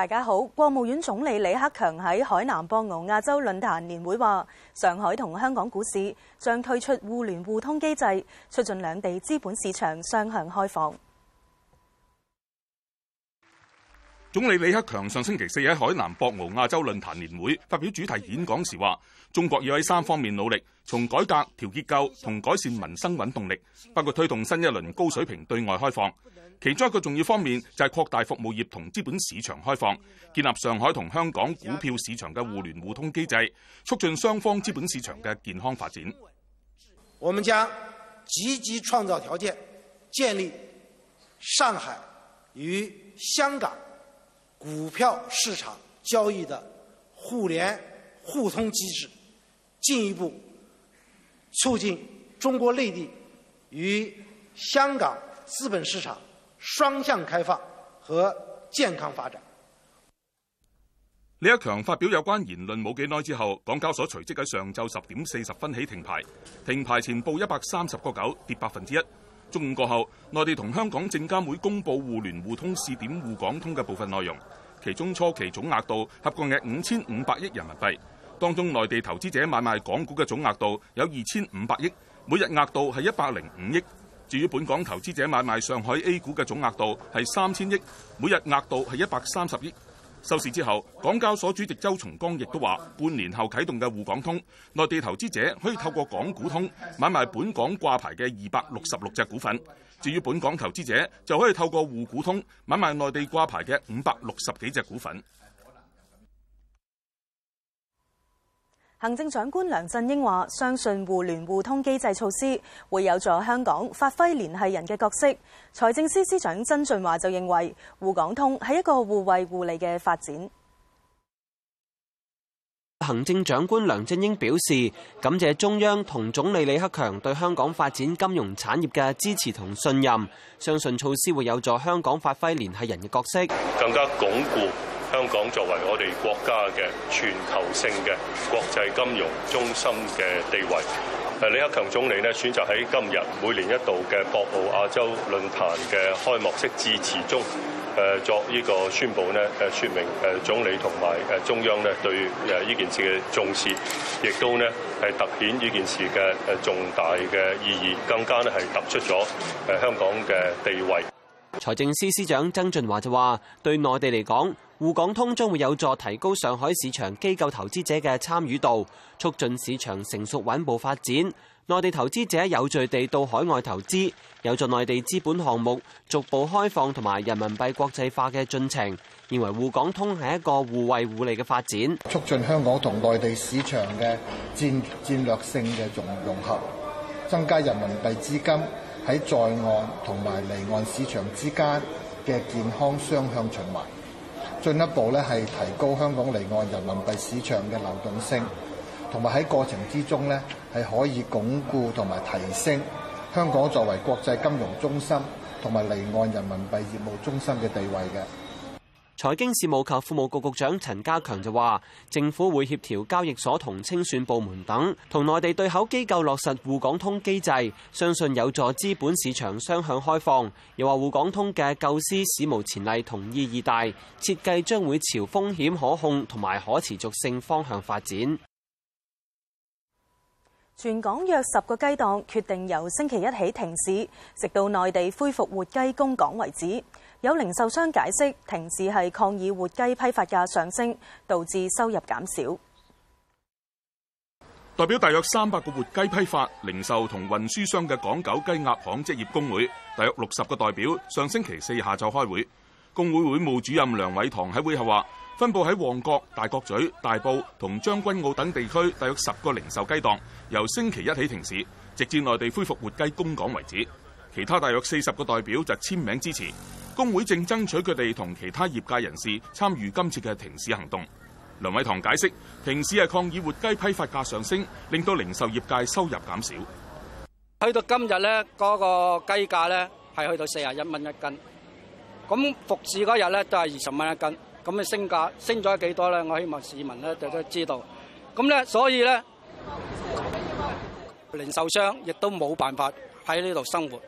大家好，國務院總理李克強喺海南博鰲亞洲論壇年會話，上海同香港股市將推出互聯互通機制，促進兩地資本市場雙向開放。總理李克強上星期四喺海南博鰲亞洲論壇年會發表主題演講時話，中國要喺三方面努力，從改革、調結構同改善民生穩動力，包括推動新一輪高水平對外開放。其中一個重要方面就係擴大服務業同資本市場開放，建立上海同香港股票市場嘅互聯互通機制，促進雙方資本市場嘅健康發展。我們將積極創造條件，建立上海與香港股票市場交易的互聯互通機制，進一步促進中國內地與香港資本市場，雙向開放和健康發展。李克強發表有關言論冇幾耐之後，港交所隨即喺上晝十點四十分起停牌，停牌前報一百三十個九，跌百分之一。中午過後，內地同香港證監會公佈互聯互通試點互港通嘅部分內容，其中初期總額度合共係五千五百億人民幣，當中內地投資者買賣港股嘅總額度有二千五百億，每日額度係一百零五億。至於本港投資者買賣上海 A 股嘅總額度係三千億，每日額度係一百三十億。收市之後，港交所主席周松江亦都話，半年後啟動嘅滬港通，內地投資者可以透過港股通買賣本港掛牌嘅二百六十六隻股份；至於本港投資者，就可以透過滬股通買賣內地掛牌嘅五百六十幾隻股份。行政長官梁振英話：相信互聯互通機制措施會有助香港發揮聯繫人嘅角色。財政司司長曾俊華就認為，滬港通係一個互惠互利嘅發展。行政長官梁振英表示，感謝中央同總理李克強對香港發展金融產業嘅支持同信任，相信措施會有助香港發揮聯繫人嘅角色，更加鞏固。香港作為我哋國家嘅全球性嘅國際金融中心嘅地位，誒李克強總理咧選擇喺今日每年一度嘅博鰲亞洲論壇嘅開幕式致辭中，誒作呢個宣佈咧誒，說明誒總理同埋誒中央咧對誒呢件事嘅重視，亦都咧係突顯呢件事嘅誒重大嘅意義，更加咧係突出咗誒香港嘅地位。財政司司長曾俊華就話，對內地嚟講，滬港通將會有助提高上海市場機構投資者嘅參與度，促進市場成熟穩步發展。內地投資者有序地到海外投資，有助內地資本項目逐步開放同埋人民幣國際化嘅進程。認為滬港通係一個互惠互利嘅發展，促進香港同內地市場嘅戰戰略性嘅融融合，增加人民幣資金。喺在，在岸同埋離岸市場之間嘅健康雙向循環，進一步咧係提高香港離岸人民幣市場嘅流動性，同埋喺過程之中咧係可以鞏固同埋提升香港作為國際金融中心同埋離岸人民幣業務中心嘅地位嘅。財經事務及庫務局局長陳家強就話：政府會協調交易所同清算部門等，同內地對口機構落實滬港通機制，相信有助資本市場雙向開放。又話滬港通嘅構思史無前例，同意義大，設計將會朝風險可控同埋可持續性方向發展。全港約十個雞檔決定由星期一起停市，直到內地恢復活雞供港為止。有零售商解釋停市係抗議活雞批發價上升，導致收入減少。代表大約三百個活雞批發、零售同運輸商嘅港九雞鴨行職業工會，大約六十個代表上星期四下晝開會。工會會務主任梁偉棠喺會後話，分佈喺旺角、大角咀、大埔同將軍澳等地區，大約十個零售雞檔由星期一起停市，直至內地恢復活雞供港為止。其他大約四十個代表就簽名支持。工會正爭取佢哋同其他業界人士參與今次嘅停市行動。梁偉棠解釋，停市係抗議活雞批發價上升，令到零售業界收入減少。到天那個、去到今日咧，嗰個雞價咧係去到四十一蚊一斤。咁復市嗰日咧都係二十蚊一斤。咁啊升價升咗幾多咧？我希望市民咧就都知道。咁咧，所以咧，零售商亦都冇辦法喺呢度生活。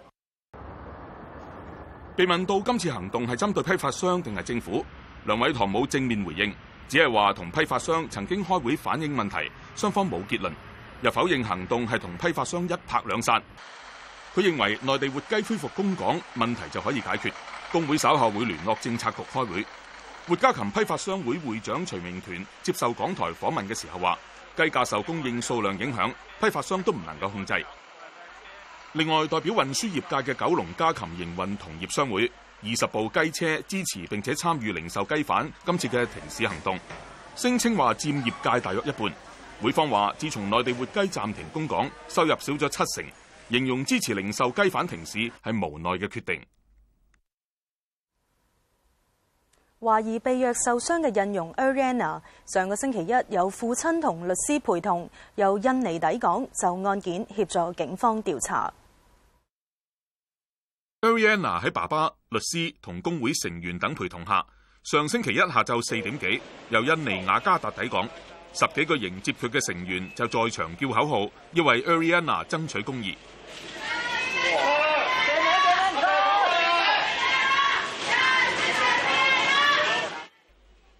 被問到今次行動係針對批發商定係政府，梁偉棠冇正面回應，只係話同批發商曾經開會反映問題，雙方冇結論，又否認行動係同批發商一拍兩散。佢認為內地活雞恢復供港問題就可以解決，工會稍後會聯絡政策局開會。活家禽批發商會會長徐明權接受港台訪問嘅時候話，雞價受供應數量影響，批發商都唔能夠控制。另外，代表運輸業界嘅九龍家禽營運同業商會，二十部雞車支持並且參與零售雞販今次嘅停市行動，聲稱話佔業界大約一半。會方話，自從內地活雞暫停供港，收入少咗七成，形容支持零售雞販停市係無奈嘅決定。懷疑被虐受傷嘅印傭 Erwiana，上個星期一有父親同律師陪同，由印尼抵港就案件協助警方調查。Erwiana 喺爸爸、律師同工會成員等陪同下，上星期一下晝四點幾，由印尼雅加達抵港，十幾個迎接佢嘅成員就在場叫口號，要為 Erwiana 爭取公義。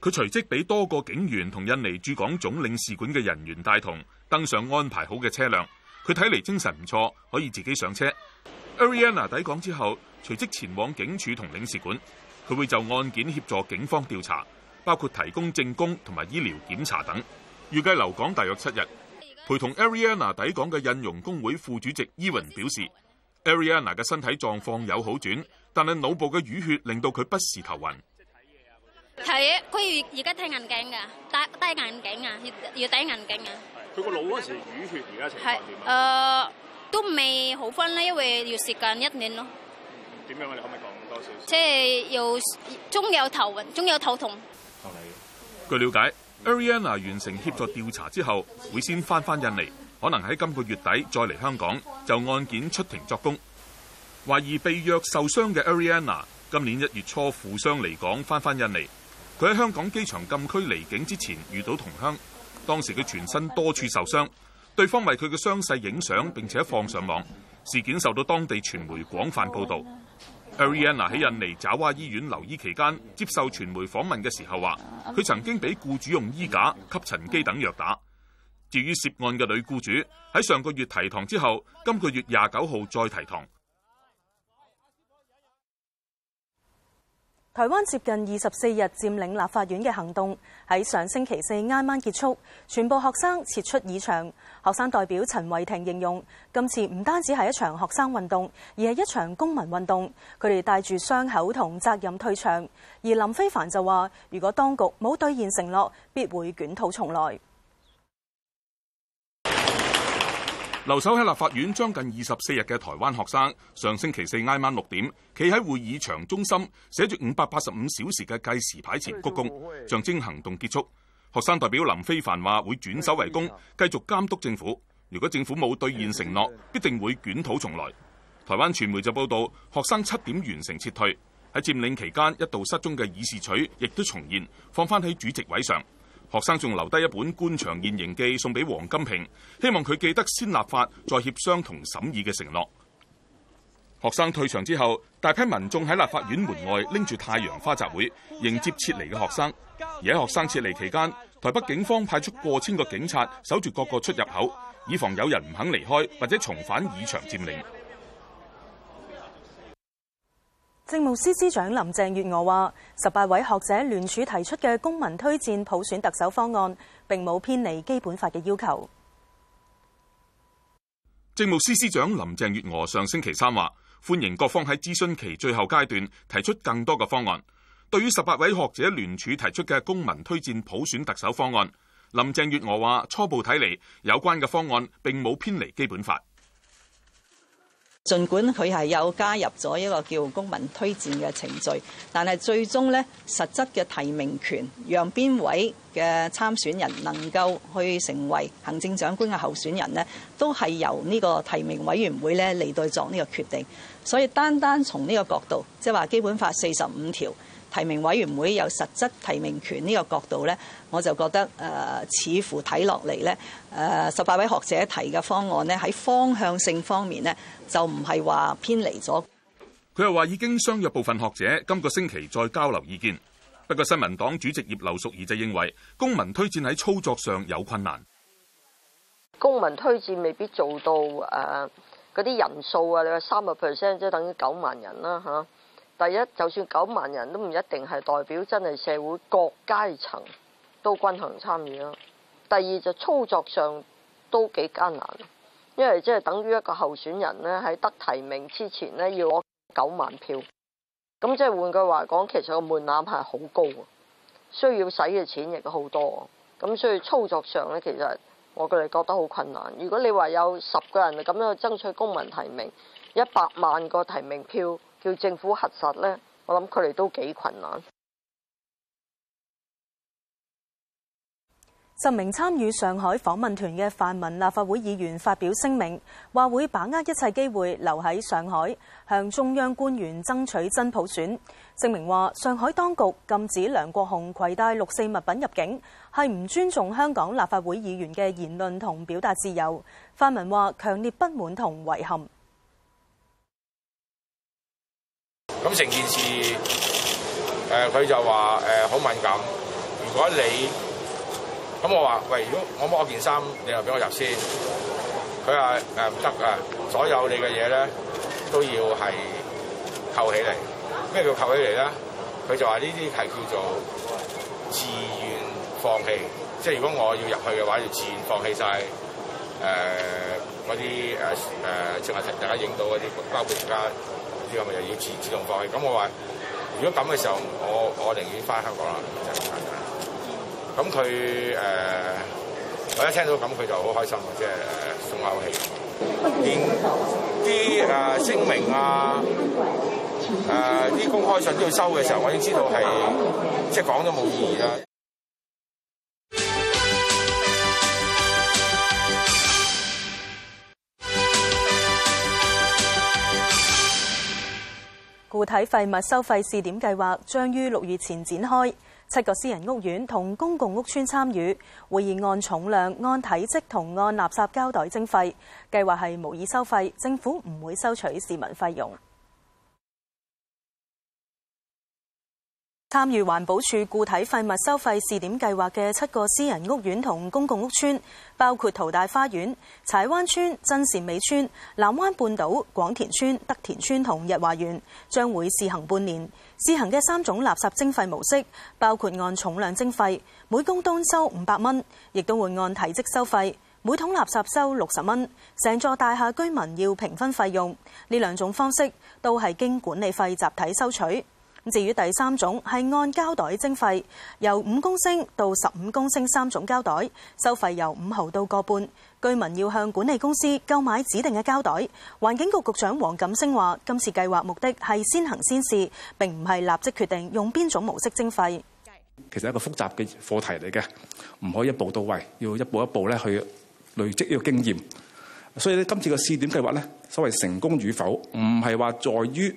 佢隨即俾多個警員同印尼駐港總領事館嘅人員帶同登上安排好嘅車輛，佢睇嚟精神唔錯，可以自己上車。Erwiana 抵港之後，隨即前往警署同領事館，佢會就案件協助警方調查，包括提供證供同埋醫療檢查等。預計留港大約七日。陪同 Erwiana 抵港嘅印傭工會副主席 Evan 表示，Erwiana 嘅身體狀況有好轉，但係腦部嘅淤血令到佢不時頭暈。睇佢而家睇眼鏡㗎，戴戴眼鏡啊，要要戴眼鏡啊。佢個腦嗰時淤血，而家情況都未好翻咧，因為要時間一年咯。點樣我哋可唔可以講多少？即係又仲有頭暈，仲有頭痛。據瞭解，Erwiana 完成協助調查之後，會先翻返印尼，可能喺今個月底再嚟香港，就案件出庭作供。懷疑被虐受傷嘅 Erwiana 今年一月初負傷離港，翻返印尼。佢喺香港機場禁區離境之前遇到同鄉，當時佢全身多處受傷。對方為佢嘅傷勢影相，並且放上網。事件受到當地傳媒廣泛報道。 Erwiana 喺印尼爪哇醫院留醫期間，接受傳媒訪問嘅時候話：佢曾經俾雇主用衣架、吸塵機等虐打。至於涉案嘅女雇主，喺上個月提堂之後，今個月廿九號再提堂。台灣接近二十四日佔領立法院嘅行動喺上星期四啱啱結束，全部學生撤出議場。學生代表陳慧婷形容，今次唔單止係一場學生運動，而係一場公民運動。佢哋帶住傷口同責任退場。而林非凡就話，如果當局冇兌現承諾，必會捲土重來。留守喺立法院將近二十四日嘅台灣學生，上星期四挨晚六點，企喺會議場中心，寫住五百八十五小時嘅計時牌前鞠躬，象徵行動結束。學生代表林飛帆話會轉守為攻，繼續監督政府。如果政府冇兌現承諾，必定會捲土重來。台灣傳媒就報道，學生七點完成撤退。喺佔領期間一度失蹤嘅議事取，亦都重現，放翻喺主席位上。學生仲留低一本《官場現形記》送俾王金平，希望佢記得先立法再協商同審議嘅承諾。學生退場之後，大批民眾喺立法院門外拎住太陽花集會，迎接撤離嘅學生。而喺學生撤離期間，台北警方派出過千個警察守住各個出入口，以防有人唔肯離開或者重返議場佔領。政務司司長林鄭月娥話：十八位學者聯署提出嘅公民推薦普選特首方案，並冇偏離基本法嘅要求。政務司司長林鄭月娥上星期三話：歡迎各方喺諮詢期最後階段提出更多嘅方案。對於十八位學者聯署提出嘅公民推薦普選特首方案，林鄭月娥話：初步睇嚟，有關嘅方案並冇偏離基本法。儘管佢係有加入咗一個叫公民推薦嘅程序，但係最終呢實質嘅提名權，讓邊位嘅參選人能夠去成為行政長官嘅候選人呢，都係由呢個提名委員會呢嚟到作呢個決定。所以單單從呢個角度，即係話《基本法》四十五條。提名委員會有實質提名權呢個角度咧，我就覺得誒、呃、似乎睇落嚟咧，誒十八位學者提嘅方案咧，喺方向性方面咧，就唔係話偏離咗。佢又話已經相約部分學者今個星期再交流意見。不過，新民黨主席葉劉淑儀就認為公民推薦喺操作上有困難。公民推薦未必做到誒嗰啲人數啊！你話三個 percent 即係等於九萬人啦，嚇。第一，就算九萬人都唔一定係代表真係社會各階層都均衡參與啦。第二就操作上都幾艱難，因為即係等於一個候選人咧喺得提名之前咧要攞九萬票，咁即係換句話講，其實個門檻係好高啊，需要使嘅錢亦都好多啊。咁所以操作上咧，其實我哋覺得好困難。如果你話有十個人咁樣去爭取公民提名，一百萬個提名票。叫政府核實呢，我諗佢哋都幾困難。十名參與上海訪問團嘅泛民立法會議員發表聲明，話會把握一切機會留喺上海，向中央官員爭取真普選。聲明話，上海當局禁止梁國雄攜帶六四物品入境，係唔尊重香港立法會議員嘅言論同表達自由。泛民話強烈不滿同遺憾。咁成件事，誒、呃、佢就話誒好敏感。如果你咁，我話喂，如果我摸我件衫，你又俾我入先。佢話誒唔得㗎，所有你嘅嘢咧都要係扣起嚟。咩叫扣起嚟咧？佢就話呢啲係叫做自願放棄。即係如果我要入去嘅話，要自願放棄曬誒嗰啲誒誒，即、呃、係、呃呃、大家影到嗰啲，包括而家。咁咪又要自自動放棄？咁我話：如果咁嘅時候，我我寧願翻香港啦。咁佢誒，我一聽到咁，佢就好開心，即係鬆口氣。連啲誒聲明啊，誒、呃、啲公開信都要收嘅時候，我已經知道係即係講都冇意義啦。固體廢物收費試點計劃將於六月前展開，七個私人屋苑同公共屋邨參與。會議按重量、按體積同按垃圾膠袋徵費。計劃係模擬收費，政府唔會收取市民費用。參與環保署固體廢物收費試點計劃嘅七個私人屋苑同公共屋邨，包括淘大花園、柴灣村、真善美村、南灣半島、廣田村、德田村同日華園，將會試行半年。試行嘅三種垃圾徵費模式，包括按重量徵費，每公噸收五百蚊，亦都會按體積收費，每桶垃圾收六十蚊。成座大廈居民要平分費用。呢兩種方式都係經管理費集體收取。咁至於第三種係按膠袋徵費，由五公升到十五公升三種膠袋，收費由五毫到個半。居民要向管理公司購買指定嘅膠袋。環境局局長黃錦星話：今次計劃目的係先行先試，並唔係立即決定用邊種模式徵費。其實一個複雜嘅課題嚟嘅，唔可以一步到位，要一步一步咧去累積呢個經驗。所以咧，今次嘅試點計劃咧，所謂成功與否，唔係話在於，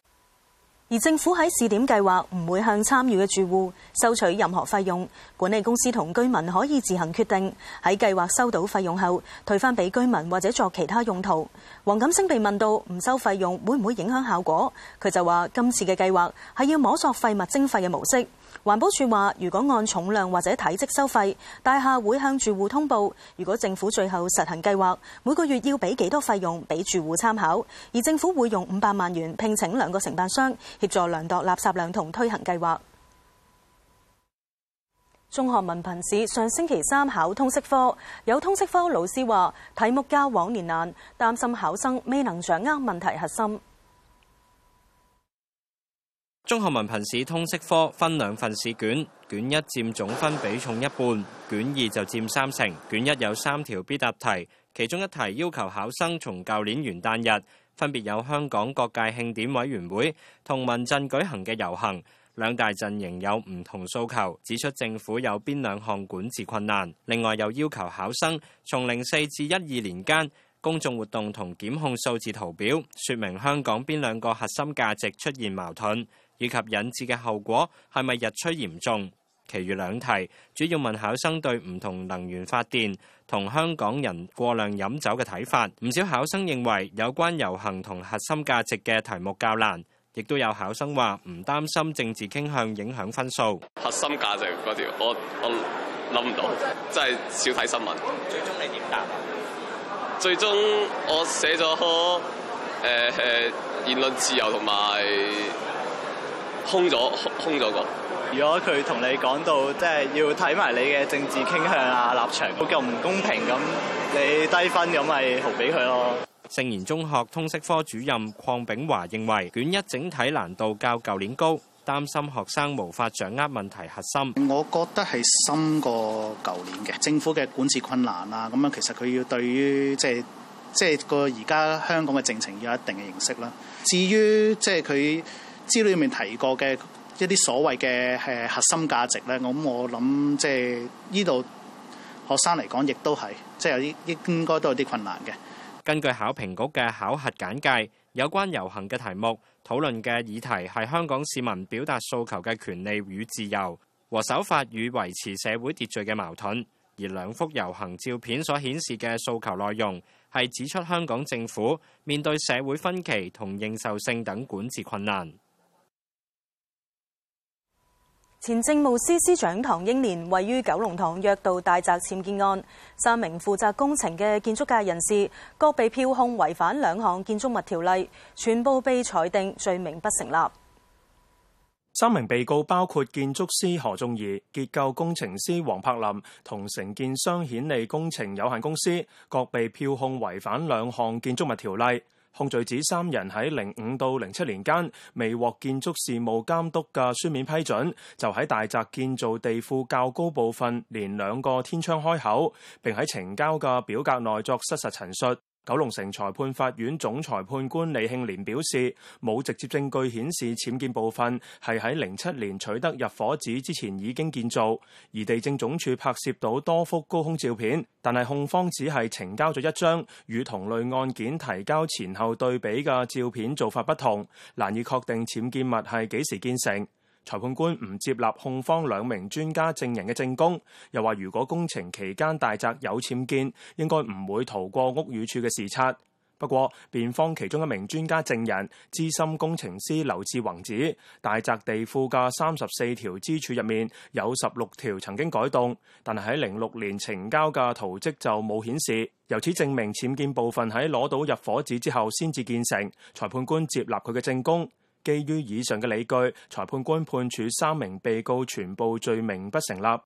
而政府喺試點計劃唔會向參與嘅住戶收取任何費用，管理公司同居民可以自行決定喺計劃收到費用後退翻俾居民或者作其他用途。黃錦星被問到唔收費用會唔會影響效果，佢就話今次嘅計劃係要摸索廢物徵費嘅模式。環保署話，如果按重量或者體積收費，大廈會向住戶通報。如果政府最後實行計劃，每個月要俾幾多費用俾住戶參考。而政府會用五百萬元聘請兩個承辦商協助量度垃圾量同推行計劃。中學文憑試上星期三考通識科，有通識科老師話，題目較往年難，擔心考生未能掌握問題核心。中學文憑試通識科分兩份試卷，卷一佔總分比重一半，卷二就佔三成。卷一有三條必答題，其中一題要求考生從舊年元旦日分別有香港各界慶典委員會同民陣舉行嘅遊行，兩大陣營有唔同訴求，指出政府有邊兩項管治困難。另外又要求考生從零四至一二年間公眾活動同檢控數字圖表，説明香港邊兩個核心價值出現矛盾。以及引致嘅後果係咪日趨嚴重？其餘兩題主要問考生對唔同能源發電同香港人過量飲酒嘅睇法。唔少考生認為有關遊行同核心價值嘅題目較難，亦都有考生話唔擔心政治傾向影響分數。核心價值嗰條，我我諗唔到，真係少睇新聞。最終你點答？最終我寫咗誒言論自由同埋。空咗，空咗個。如果佢同你講到，即係要睇埋你嘅政治傾向啊、立場，好咁唔公平咁，你低分咁咪毫俾佢咯。聖賢中學通識科主任鄺炳華認為，卷一整體難度較舊年高，擔心學生無法掌握問題核心。我覺得係深過舊年嘅。政府嘅管治困難啊。咁樣其實佢要對於即係即係個而家香港嘅政情要有一定嘅認識啦。至於即係佢。就是資料裏面提過嘅一啲所謂嘅核心價值咧，咁我諗即係呢度學生嚟講，亦都係即係應該都有啲困難嘅。根據考評局嘅考核簡介，有關遊行嘅題目討論嘅議題係香港市民表達訴求嘅權利與自由，和守法與維持社會秩序嘅矛盾。而兩幅遊行照片所顯示嘅訴求內容係指出香港政府面對社會分歧同認受性等管治困難。前政務司司長唐英年位於九龍塘約道大宅僭建案，三名負責工程嘅建築界人士各被票控違反兩項建築物條例，全部被裁定罪名不成立。三名被告包括建築師何仲義、結構工程師黃柏林同承建商顯利工程有限公司，各被票控違反兩項建築物條例。控罪指三人喺零五到零七年間未獲建築事務監督嘅書面批准，就喺大宅建造地庫較高部分，連兩個天窗開口，並喺呈交嘅表格內作失實陳述。九龍城裁判法院總裁判官李慶連表示，冇直接證據顯示僭建部分係喺零七年取得入伙紙之前已經建造，而地政總署拍攝到多幅高空照片，但係控方只係呈交咗一張與同類案件提交前後對比嘅照片，做法不同，難以確定僭建物係幾時建成。裁判官唔接納控方兩名專家證人嘅證供，又話如果工程期間大宅有僭建，應該唔會逃過屋宇署嘅視察。不過，辯方其中一名專家證人資深工程師劉志宏指，大宅地庫嘅三十四條支柱入面有十六條曾經改動，但係喺零六年呈交嘅圖則就冇顯示，由此證明僭建部分喺攞到入伙紙之後先至建成。裁判官接納佢嘅證供。基於以上嘅理據，裁判官判處三名被告全部罪名不成立。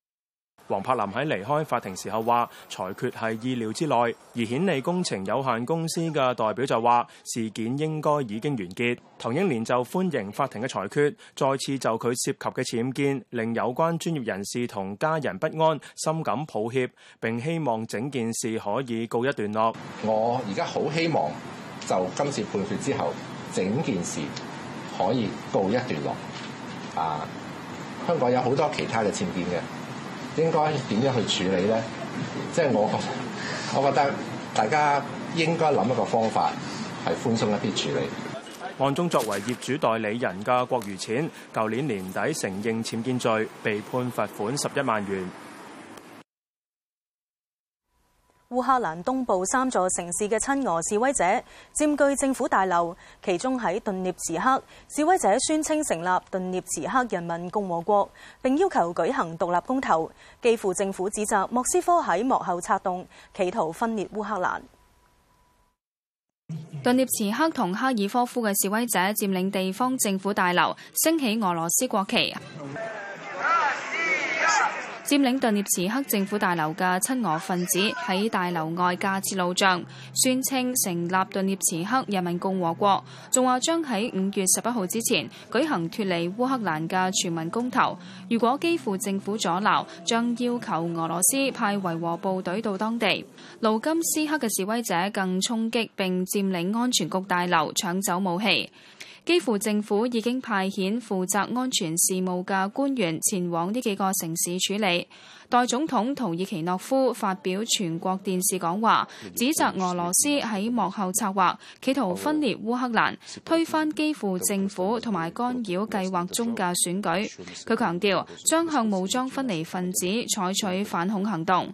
黃柏林喺離開法庭時候話，裁決係意料之內。而顯利工程有限公司嘅代表就話，事件應該已經完結。唐英年就歡迎法庭嘅裁決，再次就佢涉及嘅僭建令有關專業人士同家人不安，深感抱歉，並希望整件事可以告一段落。我而家好希望就今次判決之後，整件事。可以告一段落，啊！香港有好多其他的僭建嘅，應該點樣去處理呢？即係我，我覺得大家應該諗一個方法，係寬鬆一啲處理。案中作為業主代理人嘅郭如錢，舊年年底承認僭建罪，被判罰款十一萬元。烏克蘭東部三座城市嘅親俄示威者佔據政府大樓，其中喺頓涅茨克，示威者宣稱成立頓涅茨克人民共和國，並要求舉行獨立公投。基輔政府指責莫斯科喺幕後策動，企圖分裂烏克蘭。頓涅茨克同哈爾科夫嘅示威者佔領地方政府大樓，升起俄羅斯國旗。佔領頓涅茨克政府大樓嘅親俄分子喺大樓外架設路障，宣稱成立頓涅茨克人民共和國，仲話將喺五月十一號之前舉行脫離烏克蘭嘅全民公投。如果基輔政府阻撓，將要求俄羅斯派維和部隊到當地。盧金斯克嘅示威者更衝擊並佔領安全局大樓，搶走武器。基輔政府已經派遣負責安全事務嘅官員前往呢幾個城市處理。代總統圖爾奇諾夫發表全國電視講話，指責俄羅斯喺幕後策劃，企圖分裂烏克蘭，推翻基輔政府同埋干擾計劃中嘅選舉。佢強調將向武裝分離分子採取反恐行動。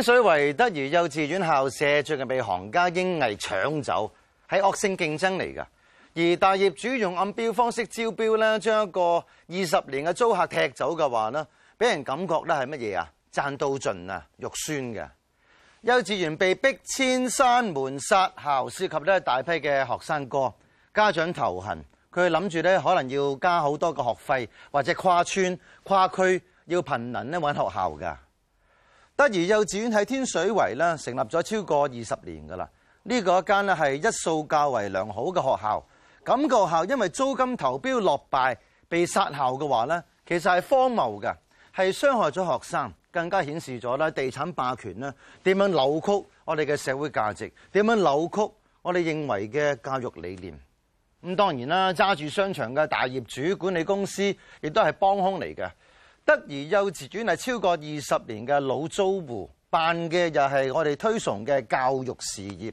清水圍德如幼稚園校舍最近被行家英藝搶走，係惡性競爭嚟噶。而大業主用暗標方式招標咧，將一個二十年嘅租客踢走嘅話咧，俾人感覺咧係乜嘢啊？賺到盡啊，肉酸嘅。幼稚園被逼遷山門殺校，涉及咧大批嘅學生哥家長頭痕。佢諗住咧可能要加好多個學費，或者跨村跨區要憑能咧揾學校噶。德宜幼稚園喺天水圍咧，成立咗超過二十年噶啦。呢、這個一間咧係一素較為良好嘅學校。咁個學校因為租金投標落敗被殺校嘅話呢，其實係荒謬嘅，係傷害咗學生，更加顯示咗咧地產霸權呢點樣扭曲我哋嘅社會價值，點樣扭曲我哋認為嘅教育理念。咁當然啦，揸住商場嘅大業主管理公司亦都係幫兇嚟嘅。德宜幼稚園係超過二十年嘅老租戶，辦嘅又係我哋推崇嘅教育事業。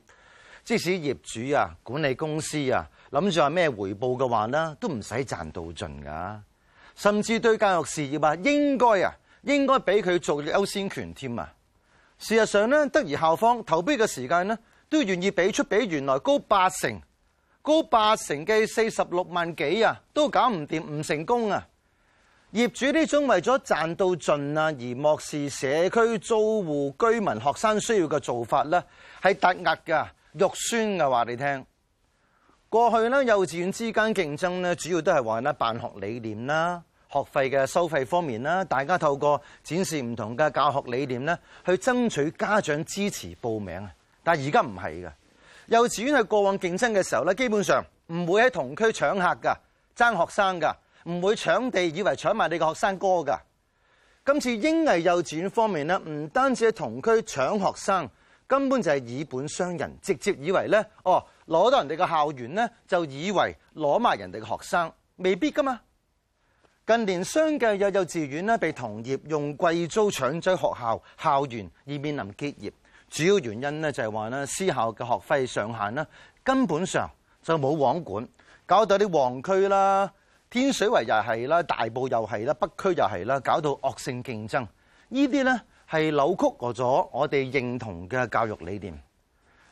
即使業主啊、管理公司啊，諗住話咩回報嘅話呢，都唔使賺到盡噶。甚至對教育事業啊，應該啊，應該俾佢做優先權添啊。事實上呢，德宜校方投標嘅時間呢，都願意俾出比原來高八成、高八成嘅四十六萬幾啊，都搞唔掂，唔成功啊！業主呢種為咗賺到盡啊，而漠視社區租戶、居民、學生需要嘅做法呢係突兀噶、肉酸㗎。話你聽。過去呢幼稚園之間競爭呢主要都係話呢辦學理念啦、學費嘅收費方面啦，大家透過展示唔同嘅教學理念呢去爭取家長支持報名啊。但係而家唔係㗎，幼稚園喺過往競爭嘅時候呢基本上唔會喺同區搶客噶、爭學生噶。唔會搶地，以為搶埋你個學生哥噶。今次英藝幼稚園方面呢，唔單止係同區搶學生，根本就係以本傷人，直接以為呢哦攞到人哋嘅校園呢就以為攞埋人哋嘅學生，未必噶嘛。近年相繼有幼稚園呢被同業用貴租搶咗學校校園而面臨結業，主要原因呢就係話呢私校嘅學費上限呢根本上就冇王管，搞到啲旺區啦。天水圍又係啦，大埔又係啦，北區又係啦，搞到惡性競爭。呢啲呢，係扭曲咗我哋認同嘅教育理念。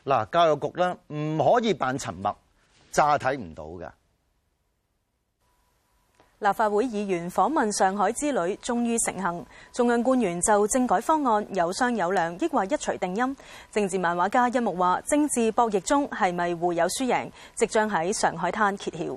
嗱，教育局呢，唔可以扮沉默，詐睇唔到㗎。立法會議員訪問上海之旅終於成行，中央官員就政改方案有商有量，抑或一錘定音？政治漫畫家一木話：政治博弈中係咪會有輸贏？即將喺上海灘揭曉。